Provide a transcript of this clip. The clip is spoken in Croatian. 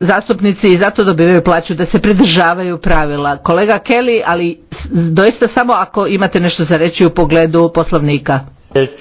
zastupnici i zato dobivaju plaću da se pridržavaju pravila. Kolega Kelly, ali doista samo ako imate nešto za reći u pogledu poslovnika.